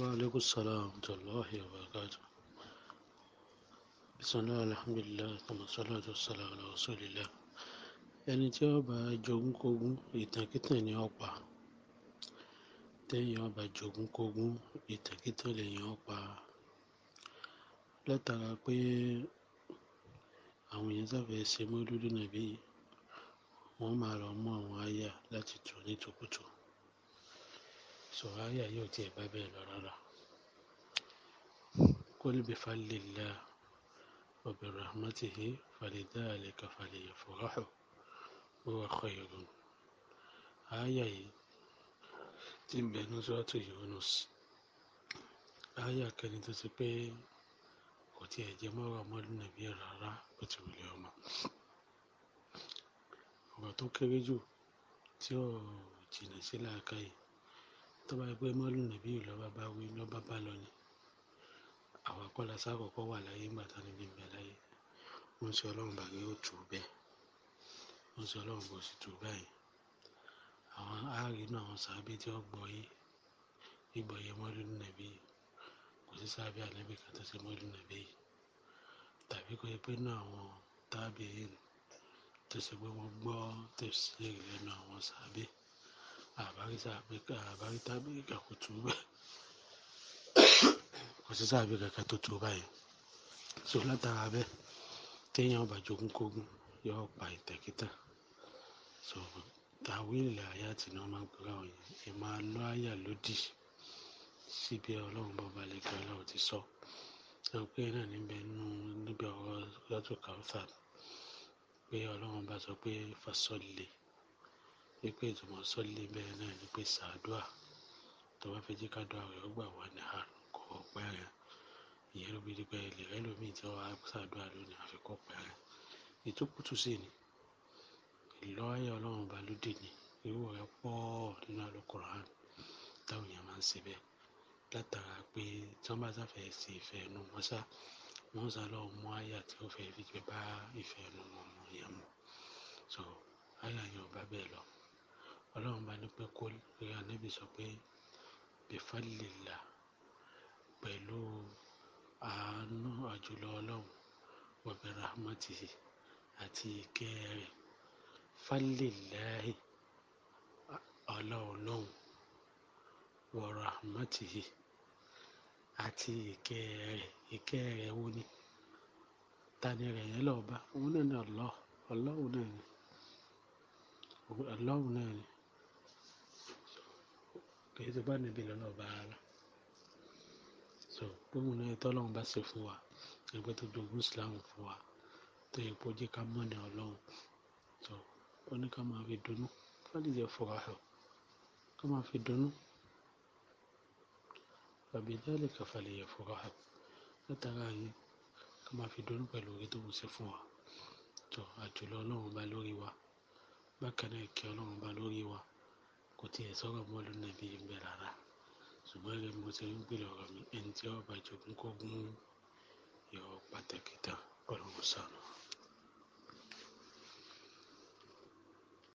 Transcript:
وعليكم السلام ورحمة الله وبركاته بسم الله الحمد لله ثم الصلاة والسلام على رسول الله ẹni tí ó bá jogún kogún ìtànkìtàn ni ó pa téèyàn bá jogún kogún ìtànkìtàn lèèyàn ó pa látara pé àwọn èèyàn sáfẹ́ ṣe mọ́lúdú nàbí wọ́n máa lọ mú àwọn àyà láti tù ní tòkútò. So àyà yóò tiẹ̀ bá bẹ́ẹ̀ lọ rárá. Qul bi fadlillah wa bi rahmatihi falidhalika falyafrahu huwa khayrun. Àyà yìí tí ń bẹ nínú Suratu Yunus. Àyà kẹni tó ti pé kò tiẹ̀ jẹ mọ́ra ọmọlúnàbí rárá bó ti wùlẹ̀ ọmọ. Ọ̀rọ̀ tó kéré jù tí ó jìnà sí làákàyè tó bá yẹ pé mọ́lù nàbí ìlọ́ba bá wí lọ́ba bá lọ ni àwọn akọ́lá sákọ̀ọ́kọ́ wà láyé ńgbà tá níbi ìgbà láyé wọ́n sọ ọlọ́run bàgé ó tù ú bẹ́ẹ̀ wọ́n sọ ọlọ́run bò sì tù ú báyìí àwọn áàrí náà àwọn sàábé tí wọ́n gbọ́ yé gbígbọ́ yé mọ́lù kò sí sàábé ànábì kan tó ṣe mọ́lù yìí tàbí kò yẹ pé náà àwọn tábìlì tó ṣe pé wọ́n gbọ́ tẹ̀sílẹ̀ lẹ́nu àwọn sàábé àbárí tábìlì kò tú bẹ́ẹ̀ kò sí sáàbì kankan tó tú báyìí so látara bẹ́ẹ̀ téèyàn bá jogún kógún yóò pa ìtẹ̀kítà so tàwílì àyà tí wọ́n máa ń pè láwọn yẹn ẹ máa lọ àyà lódì síbi ọlọ́run bọ́ba lẹ́gbẹ̀ẹ́ ọlọ́run ti sọ ẹ̀rọ pé náà níbẹ̀ nú níbi ọ̀rọ̀ lọ́tò kàwọ́tà pé ọlọ́run bá sọ pé fasọ́lẹ̀ wípé ìtumọ̀ sọ́lé bẹ́ẹ̀ náà ni pé sàdúà tó bá fẹ́ jẹ́ ká dúà rẹ̀ ó gbà wá ní àrùn kò pẹ́ rẹ̀ ìyẹn ló fi di pé ilẹ̀ rẹ̀ lómi tí wọ́n á sàdúà lónìí àfikún pẹ́ rẹ̀ ìtúkùtù sí ni ìlọ́yẹ ọlọ́run bá ló dì ní irú rẹ̀ pọ̀ nínú Al-Qur'an táwọn èèyàn máa ń ṣe bẹ́ẹ̀ látara pé tí wọ́n bá sáfẹ́ ṣe ìfẹ́ ẹnu wọn sá wọ́n sá lọ́ọ́ mú àyà tí ó fẹ́ fi jẹ bá ìfẹ́ ẹnu wọn mọ̀ yẹn mọ̀ so àyà yẹn ò bá bẹ́ẹ̀ lọ. Ọlọ́run bá ní pé kó pe Ànábì sọ pé bifadlillah pẹ̀lú àánú àjùlọ Ọlọ́run wa birahmatihi àti ìkẹ́ rẹ̀. Fadlillahi Ọlọ́run lọ́hùn wa rahmatihi àti ìkẹ́ rẹ̀. Ìkẹ́ rẹ̀ wo ni? Tani rẹ̀ yẹn lọ́ba? Òun náà ni Allah. Ọlọ́run náà ni. Ọlọ́run náà ni kì í ṣe pé lọ́nà ọba rárá so gbóhùn náà tọ́lọ́run bá ṣe fún wa ẹgbẹ́ tó jogún Islam fún wa tó yẹ kó jẹ́ ká mọ̀nà Ọlọ́run so ó ní ká máa fi dunnú fọ́lìjẹ́ fura ọ̀ ká máa fi dunnú tàbí dálé kàfàlẹ̀yẹ fura ọ̀ látara yìí ká máa fi dunnú pẹ̀lú orí tó ń ṣe fún wa so àjùlọ Ọlọ́run bá lórí wa bákan náà ìkẹ́ Ọlọ́run bá lórí wa tiẹ̀ sọ̀rọ̀ mọ́lú nàbí ń bẹ rárá ṣùgbọ́n rẹ mo ṣe ń gbèrè ọ̀rọ̀ mi ẹni tí ọba jogún kó gún ìrọ̀ pàtàkì tán